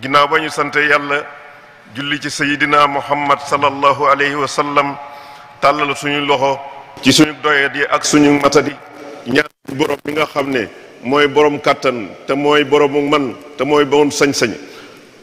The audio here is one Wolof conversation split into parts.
ginnaaw ba ñu sante yàlla julli ci sayidina muhammad sallallahu alayhi wa sallam tàllal suñu loxo ci suñu doyet yi ak suñu matadi ñaan borom bi nga xam ne mooy borom kàttan te mooy boromu man te mooy borom sañ-sañ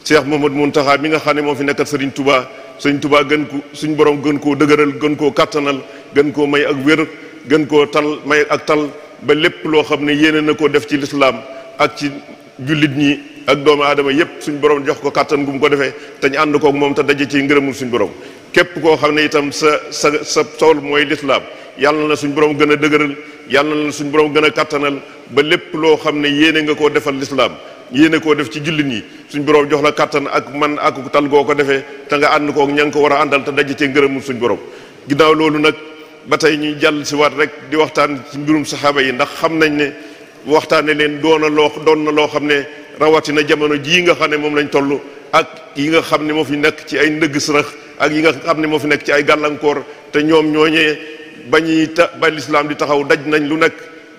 Cheikh Mouhamadou Mountakha mi nga xam ne moo fi nekkal Serigne Touba Serigne tubaa gën ko suñu borom gën koo dëgëral gën koo kàttanal gën koo may ak wér gën koo tal may ak tal ba lépp loo xam ne yéene na ko def ci lislaam ak ci jullit ñi ak doomu aadama yépp suñ borom jox ko kàttan gu mu ko defee te ñu ànd kook moom te daje ci ngërëmul suñ borom képp koo xam ne itam sa sa sa tool mooy lislaam yàlla na suñ borom gën a dëgëral yàlla na suñ borom gën a kàttanal ba lépp loo xam ne yéene nga koo defal lislaam yéene koo def ci jullit ñi suñ borom jox la kàttan ak man ak tal goo ko defee te nga ànd kook ña nga ko war a àndal te daje ci ngërëmul suñ borom ginnaaw loolu nag ba tey ñuy jàll si waat rek di waxtaan ci mbirum saxaaba yi ndax xam nañ ne waxtaane leen doon loo doon na loo xam ne rawatina jamono jii nga xam ne moom lañ toll ak yi nga xam ne moo fi nekk ci ay ndëgg sërëx ak yi nga xam ne moo fi nekk ci ay gàllankoor te ñoom ñooñee ba ñuy ta ba lislaam di taxaw daj nañ lu nekk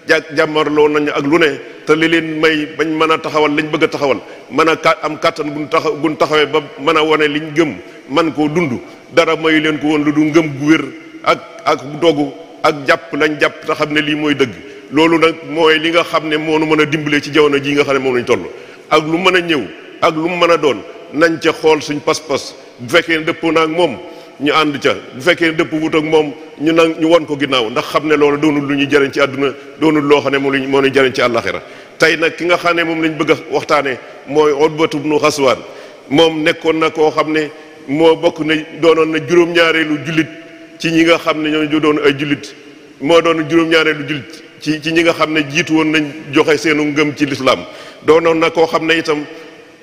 ja jàmmarloo nañ ak lu ne te li leen may bañ mën a taxawal lañ bëgg a taxawal mën a ka am kàttan gun taxaw gun taxawee ba mën a wane liñ gëm man koo dund dara mayu leen ko woon lu du ngëm gu wér ak ak dogu ak jàpp lañ jàpp te xam ne lii mooy dëgg loolu nag mooy li nga xam ne moo moonu mën a dimbale ci jamono jii nga xam ne moom lañ toll ak lu mën a ñëw ak lu mën a doon nañ ca xool suñ pas-pas bu fekkee ne dëppoo na ak moom ñu ànd ca bu fekkee ne dëpp wut moom ñu nag ñu won ko ginnaaw ndax xam ne loolu doonul lu ñuy jëriñ ci àdduna doonul loo xam ne moom moo ñuy jëriñ ci àllaxira tey ki nga xam ne moom lañ bëgg a waxtaanee mooy Utbatu bnu Xaswaan moom nekkoon na koo xam ne moo bokk na doonoon na juróom-ñaareelu jullit ci ñi nga xam ne ñoo doon ay jullit moo doon juróom-ñaareelu jullit ci ci ñi nga xam ne jiitu woon nañ joxe seenu ngëm ci lislaam doonoon na koo xam ne itam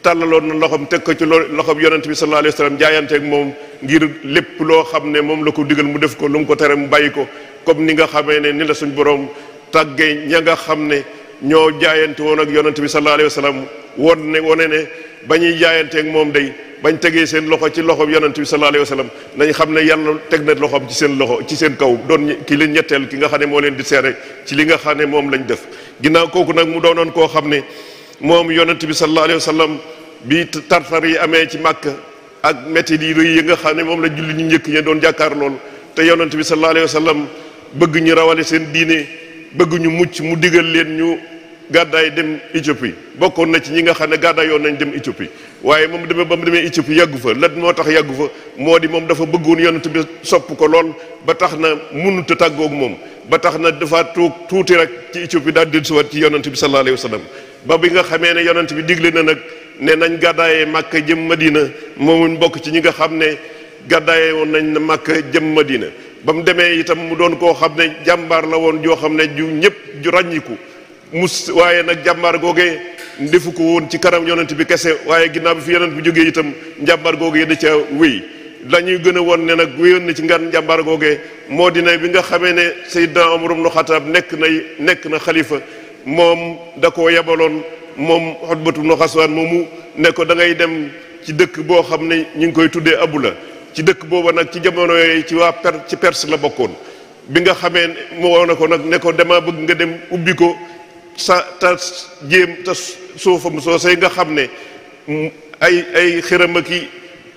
tàllaloon na loxoom teg ko ci loxoom yonent bi sallallahu alayhi wa sallam jaayanteeg moom ngir lépp loo xam ne moom la ko digal mu def ko lu mu ko tere mu bàyyi ko comme ni nga xamee ne ni la suñ borom tàggee ña nga xam ne ñoo jaayante woon ak yonent bi sallallahu alayhi wa sallam woon ne wone ne ba ñuy jaayante jaayanteeg moom day bañ tegee seen loxo ci loxo yonent bi sallallahu alayhi wa sallam nañ xam ne yàlla teg na loxoom ci seen loxo ci seen kaw doon ki leen ñetteel ki nga xam ne moo leen di seere ci li ne moom lañ def ginnaaw kooku nag mu doonoon koo xam ne moom yonent bi sallallahu alayhi wa sallam bi tartar yi amee ci màkk ak métti yi yi nga xam ne moom la julli ñu njëkk ña doon jàkkaar lool te yonent bi sallallahu alayhi wa sallam bëgg ñu rawale seen diine bëgg ñu mucc mu digal leen ñu gàddaay dem Éthiopie bokkoon na ci ñi nga xam ne gàddaay yoon nañ dem Éthiopie waaye demee ba mu demee Éthiopie yàggu fa lan moo tax yàggu fa moo di moom dafa bëggoon yonent bi sopp ko lool ba tax na mënut a moom ba tax na dafa toog tuuti rek ci Éthiopie daal di dellusiwaat ci yonent bi sallallahu alayhi wa sallam ba bi nga xamee ne yonent bi digle na nag ne nañ gàddaayee Màkka jëm Madina moomuñ bokk ci ñi nga xam ne gàddaayee woon nañ ne Màkka jëm Madina ba mu demee itam mu doon koo xam ne jàmbaar la woon joo xam ne ju ñëpp ju ràññiku mus waaye nag jàmbaar googee ndefu ko woon ci kanam yonant bi kese waaye ginnaaw bi fi yonent bi jógee itam njàmbaar googee da ca wéy lañuy gën a woon ne nag wéyoon na ci ngan njàmbaar googee moo di bi nga xamee ne Seydina Omar ibn Xataab nekk nay nekk na xalifa moom da koo yebaloon moom Utbatu ibn Xaswaan moomu ne ko da dem ci dëkk boo xam ne ñu ngi koy tuddee Abula ci dëkk booba nag ci jamono yooyu ci waa per ci Perse la bokkoon bi nga xamee moo ne ko nag ne ko dama bëgg nga dem ubbi ko sa te jéem te suufam soosey nga xam ne ay ay xëram ak i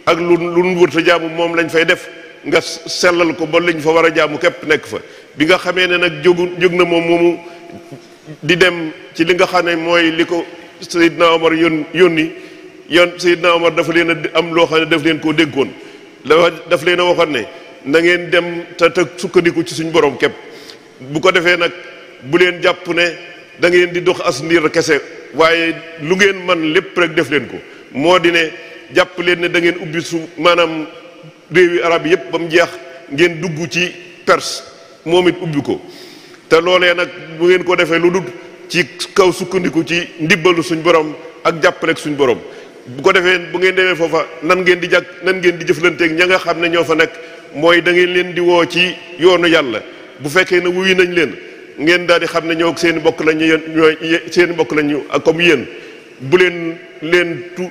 ak lu lu nu wërta jaamu moom lañ fay def nga sellal ko ba lañ fa war a jaamu képp nekk fa bi nga xamee ne nag jógu jóg na moom moomu di dem ci li nga xam ne mooy li ko Seydina Omar yón yónni yoon Seydina Omar dafa leen a am loo xam ne daf leen koo déggoon dafa daf leen a waxoon ne na dem te te sukkandiku ci suñ borom képp bu ko defee nag bu leen jàpp ne da ngeen di dox as ndiir kese waaye lu ngeen man lépp rek def leen ko moo di ne jàpp leen ne da ngeen ubbi su maanaam réewi arab yëpp ba mu jeex ngeen dugg ci Perse moom it ubbi ko te loolee nag bu ngeen ko defee lu dut ci kaw sukkandiku ci ndimbalu suñ borom ak jàppaleeg suñ borom bu ko defee bu ngeen demee foofa nan ngeen di jàkk nan ngeen di jëflanteeg ña nga xam ne ñoo fa nekk mooy dangeen leen di woo ci yoonu yàlla bu fekkee ne wuyu nañ leen ngeen daal di xam ne ñoo seen mbokk lañ ñu ñooy seen mbokk lañu ak comme yéen bu leen leen tu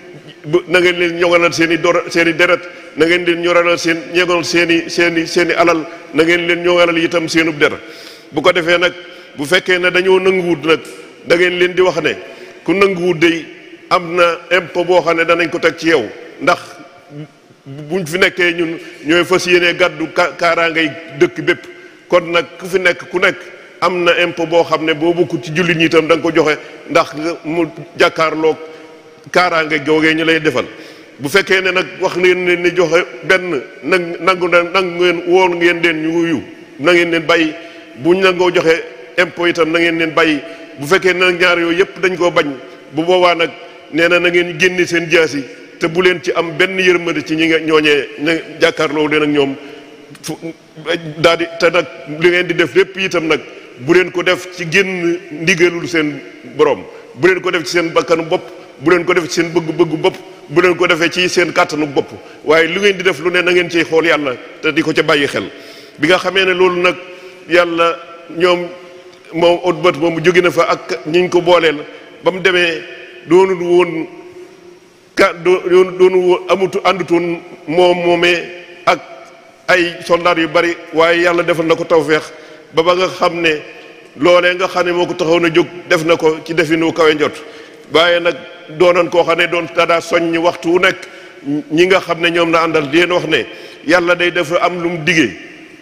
na ngeen leen ñoŋalal seen i dor seen i deret na ngeen leen ñoralal seen ñeegal seen i seen i alal na ngeen leen ñoŋalal itam seenub der bu ko defee nag bu fekkee ne dañoo nanguwut nag da ngeen leen di wax ne ku nanguwut day am na impôt boo xam ne danañ ko teg ci yow ndax buñ fi nekkee ñun ñooy fas yéenee gàddu kaaraangay dëkk bépp kon nag ku fi nekk ku nekk am na impôt boo xam ne boo bokkut ci jullit ñi itam da ko joxe ndax mu jàkkaarloog kaaraange googee ñu lay defal bu fekkee ne nag wax ngeen ne ni joxe benn nag nangu na nangu ngeen woon ngeen leen ñu wuyu na ngeen leen bàyyi buñ nangoo joxe impôt itam na ngeen leen bàyyi bu fekkee ne ñaar yooyu yëpp dañ koo bañ bu boobaa nag nee na na ngeen génne seen jaas yi te bu leen ci am benn yërmande ci ñi nga ñooñee ña jàkkaarloo leen ak ñoom fu daal te nag li ngeen di def yépp itam nag bu leen ko def ci génn ndigalul seen borom bu leen ko def ci seen bakkanu bopp bu leen ko def ci seen bëgg-bëggu bopp bu leen ko defee ci seen kàttanu bopp waaye lu ngeen di def lu ne na ngeen ciy xool yàlla te di ko ca bàyyi xel bi nga xamee ne loolu nag yàlla ñoom moom ot bët moom jóge na fa ak ñiñ ko booleel ba mu demee doonul woon ka doon doonu woon amutu àndutoon moom moomee ak ay soldaar yu bari waaye yàlla defal na ko tawfeex ba ba nga xam ne loolee nga xam ne moo ko taxaw na jóg def na ko ci definu kawe njot waaye nag doonoon koo xam ne doon tada soññ waxtu wu nekk ñi nga xam ne ñoom na àndal di ne yàlla day dafa am lu mu digee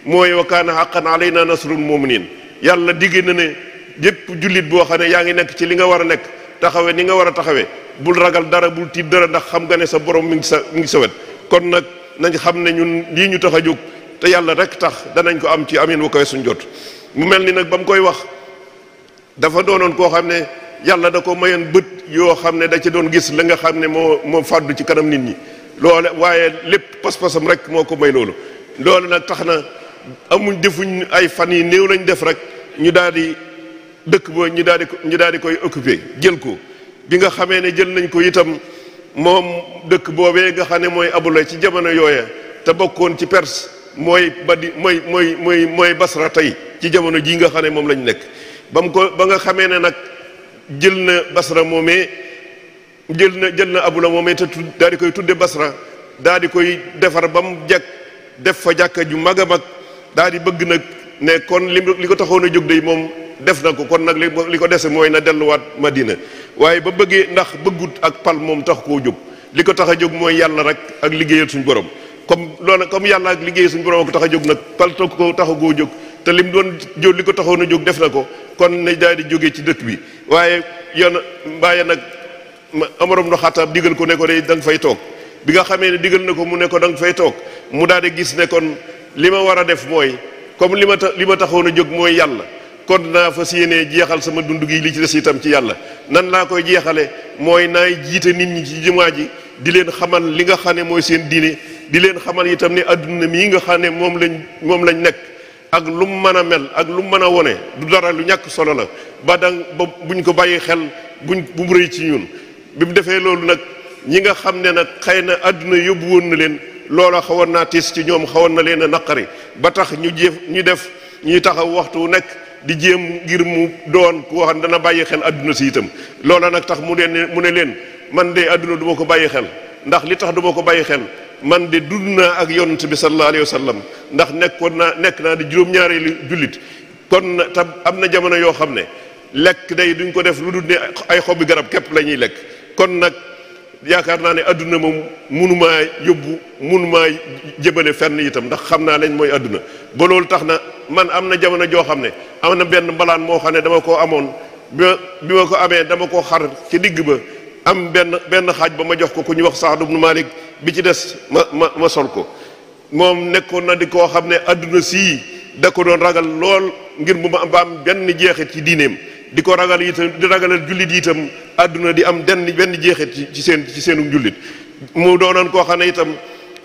mooy wa kaana haqqan alayna nasrul muminin yàlla digee na ne yépp jullit boo xam ne yaa ngi nekk ci li nga war a nekk taxawe ni nga war a taxawe bul ragal dara bul tiit dara ndax xam nga ne sa borom mi ngi sa mi ngi sa wet kon nag nañ xam ne ñun lii ñu tax a jóg te yàlla rek tax danañ ko am ci amin wu koy suñ jot mu mel ni nag ba mu koy wax dafa doonoon koo xam ne yàlla da ko mayoon bët yoo xam ne da ci doon gis la nga xam ne moo moo fàddu ci kanam nit ñi loole waaye lépp pas-pasam rek moo ko may loolu loolu nag tax na amuñ defuñ ay fan yi néew lañ def rek ñu daal di dëkk ba ñu daal di ñu daal di koy occupé jël ko bi nga xamee ne jël nañ ko itam moom dëkk boobee nga xam ne mooy abula ci jamono yooya te bokkoon ci Perse mooy badi mooy mooy mooy mooy basra tey ci jamono jii nga xam ne moom lañu nekk ba mu ko ba nga xamee ne nag jël na basra moomee jël na jël na abula moomee te daal di koy tudde basra daal di koy defar ba mu jag def fa jàkka ju mag a mag daal di bëgg nag ne kon li li ko taxoon a jóg day moom def na ko kon nag li ko dese mooy na delluwaat madina waaye ba bëggee ndax bëggut ak pal moom tax koo jóg li ko tax a jóg mooy yàlla rek ak liggéeyal suñu borom comme loolu comme yàlla ak liggéey suñu borom ko tax a jóg nag palto ko tax a goo jóg te lim doon jó li ko taxoon a jóg def na ko kon nañ daal di jógee ci dëkk bi waaye yoon mbaaye nag amarom no xattaab digal ko ne ko de da fay toog bi nga xamee ne digal na ko mu ne ko da nga fay toog mu daal di gis ne kon li ma war a def mooy comme li ma ta li ma taxoon a jóg mooy yàlla kon naa fas yéenee jeexal sama dund gi li ci des itam ci yàlla nan laa koy jeexale mooy naay jiite nit ñi ci jumaa ji di leen xamal li nga xam ne mooy seen diine di leen xamal itam ne adduna mii nga xam ne moom lañ moom lañ nekk ak lu mu mën a mel ak lu mu mën a wone du dara lu ñàkk solo la ba dang ba buñ ko bàyyi xel buñ bu mu rëy ci ñun bi mu defee loolu nag ñi nga xam ne nag xëy na àdduna yóbbu woon na leen loola xawoon naa tiis ci ñoom xawoon na leen a naqari ba tax ñu jëf ñu def ñuy taxaw waxtu wu nekk di jéem ngir mu doon koo xam dana bàyyi xel adduna si itam loola nag tax mu leen mu ne leen man de adduna du ma ko bàyyi xel ndax li tax du ma ko bàyyi xel man de dund naa ak yonent bi sallallahu alayhi wa sallam ndax nekkoon naa nekk naa di juróom-ñaareelu jullit kon te am na jamono yoo xam ne lekk day duñ ko def lu dul ne ay xobi garab képp la lekk kon nag yaakaar naa ne adduna moom munumaa yóbbu munumaa jëbale fenn itam ndax xam naa lañ mooy adduna ba loolu tax na man am na jamono joo xam ne am na benn mbalaan moo xam ne dama ko amoon bi ma ko amee dama ko xar ci digg ba am benn benn xaaj ba ma jox ko ku ñuy wax Saad ibn Malik bi ci des ma ma ma sol ko moom nekkoon na di koo xam ne àdduna sii da ko doon ragal lool ngir mu ma am benn jeexit ci diineem di ko ragal itam di ragalal jullit itam adduna di am denn benn jeexit ci seen ci seenu jullit mu doonoon ko xam ne itam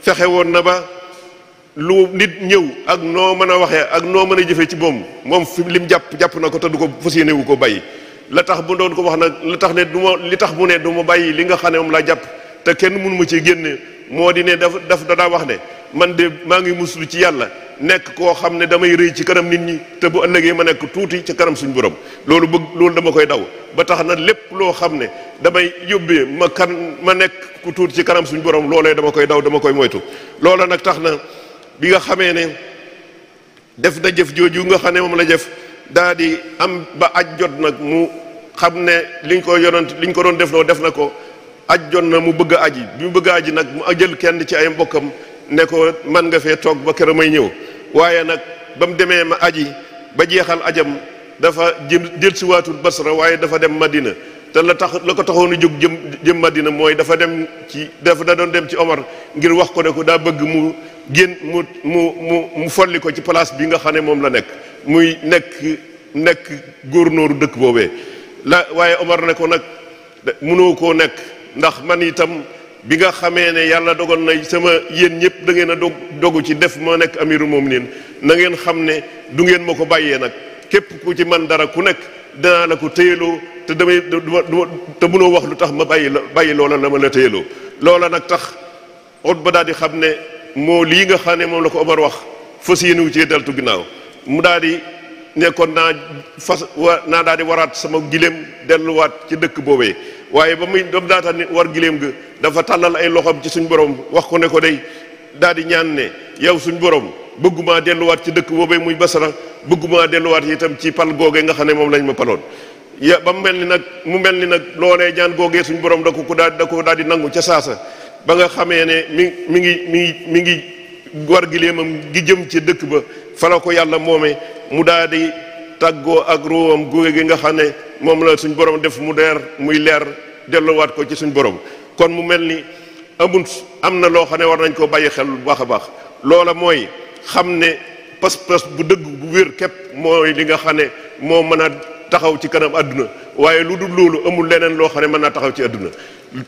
fexe woon na ba lu nit ñëw ak noo mën a waxee ak noo mën a jëfee ci moom moom fi lim jàpp jàpp na ko te du ko fas ko bàyyi la tax bu doon ko wax nag la tax ne du ma li tax mu ne du ma bàyyi li nga xam ne moom laa jàpp te kenn mënuma ma ci génne moo di ne daf daf daa wax ne man de maa ngi muslu ci yàlla nekk koo xam ne damay rëy ci kanam nit ñi te bu ëllëgee ma nekk tuuti ci kanam suñu borom loolu bëgg loolu dama koy daw ba tax na lépp loo xam ne damay yóbbee ma kan ma nekk ku tuuti ci kanam suñu borom loolee dama koy daw dama koy moytu loola nag tax na bi nga xamee ne def na jëf jooju nga xam ne moom la jëf daa di am ba aj jot nag mu xam ne liñ ko yonant liñ ko doon def loo def na ko aj jot na mu bëgg a aji bi mu bëgg a aji nag mu jël kenn ci ay mbokkam ne ko man nga fee toog ba kër may ñëw waaye nag ba mu demee ma aji ba jeexal ajam dafa jëm jël si waatu basra waaye dafa dem madina te la tax la ko taxoon jóg jëm jëm madina mooy dafa dem ci dafa da doon dem ci Omar ngir wax ko ne ko daa bëgg mu génn mu mu mu mu folli ko ci place bi nga xam ne moom la nekk muy nekk nekk nóoru dëkk boobee la waaye Omar ne ko nag mënoo koo nekk ndax man itam bi nga xamee ne yàlla dogal na sama yéen ñëpp dangeen a dog dogu ci def ma nekk amiru muminin na ngeen xam ne du ngeen ma ko bàyyee nag képp ku ci man dara ku nekk danaa la ko téyeloo te damay te mënoo wax lu tax ma bàyyi la bàyyi loola la ma la téyeloo loola nag tax ba daal di xam ne moo lii nga xam ne moom la ko Omar wax fas yéene ci cee deltu ginnaaw mu daal di nekkoon naa fas naa daal di waraat sama gileem delluwaat ci dëkk boobee waaye ba muy dam daata nit war giléem ga dafa tàllal ay loxoom ci suñu boroom wax ko ne ko day daal di ñaan ne yow suñu borom bëggumaa delluwaat ci dëkk boobee muy basara bëggumaa delluwaat tam ci pal googee nga xam ne moom lañ ma paloon ya ba mu mel ni nag mu mel ni nag loolee ñaan googee suñu borom da ko ku daal ko daal di nangu ca saasa ba nga xamee ne mi mi ngi mi ngi mi ngi war giléemam gi jëm ci dëkk ba fala ko yàlla moomee mu daal di tàggoo ak ruwam guge gi nga xam ne moom la suñ borom def mu leer muy leer delluwaat ko ci suñ borom kon mu mel ni amul am na loo xam ne war nañ koo bàyyi xel bu baax a baax loola mooy xam ne pas-pas bu dëgg bu wér képp mooy li nga xam ne moo mën a taxaw ci kanam àdduna waaye lu dul loolu amul leneen loo xam ne mën naa taxaw ci àdduna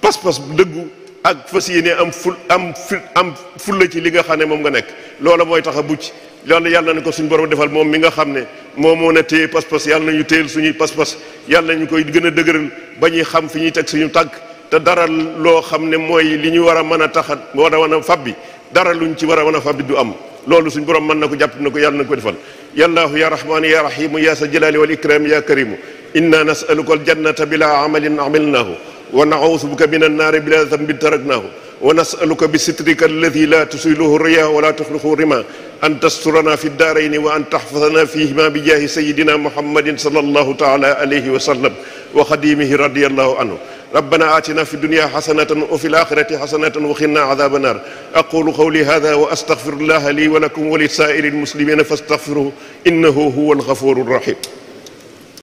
pas-pas bu dëggu ak fës yi ne am ful am ful am la ci li nga xam ne moom nga nekk loola mooy tax a bucc loolu yàlla na ko suñu borom defal moom mi nga xam ne moo na téye pas-pas yàlla nañu téyel suñuy pas-pas yàlla nañu koy gën a dëgëral ba xam fi ñuy teg suñu tànk te dara loo xam ne mooy li ñu war a mën a taxat war a mën a fabbi dara luñ ci war a mën a fabbi am loolu suñu borom mën na ko jàpp na ko yàlla na ko defal yallaahu ya rahmaanu ya rahimu ya sa jalaali wal ikraam ya karimu inna nasaluka aljannata bila amalin amilnaahu wa nausu buka min annaari bila zambin taraknaahu wa nasaluka bi sitrika alladi la tusiluhu riyaa wala tuxluqu rima an tasturana fi daarayni wa an taxfazana fihima bi jaahi sayidina muhammadin sallallahu taala alayhi wa sallam wa xadimihi radiallahu anhu ربنا آتنا في الدنيا حسنة وفي الآخرة حسنة وقنا عذاب النار أقول قولي هذا وأستغفر الله لي ولكم ولسائر المسلمين فاستغفروه إنه هو الغفور الرحيم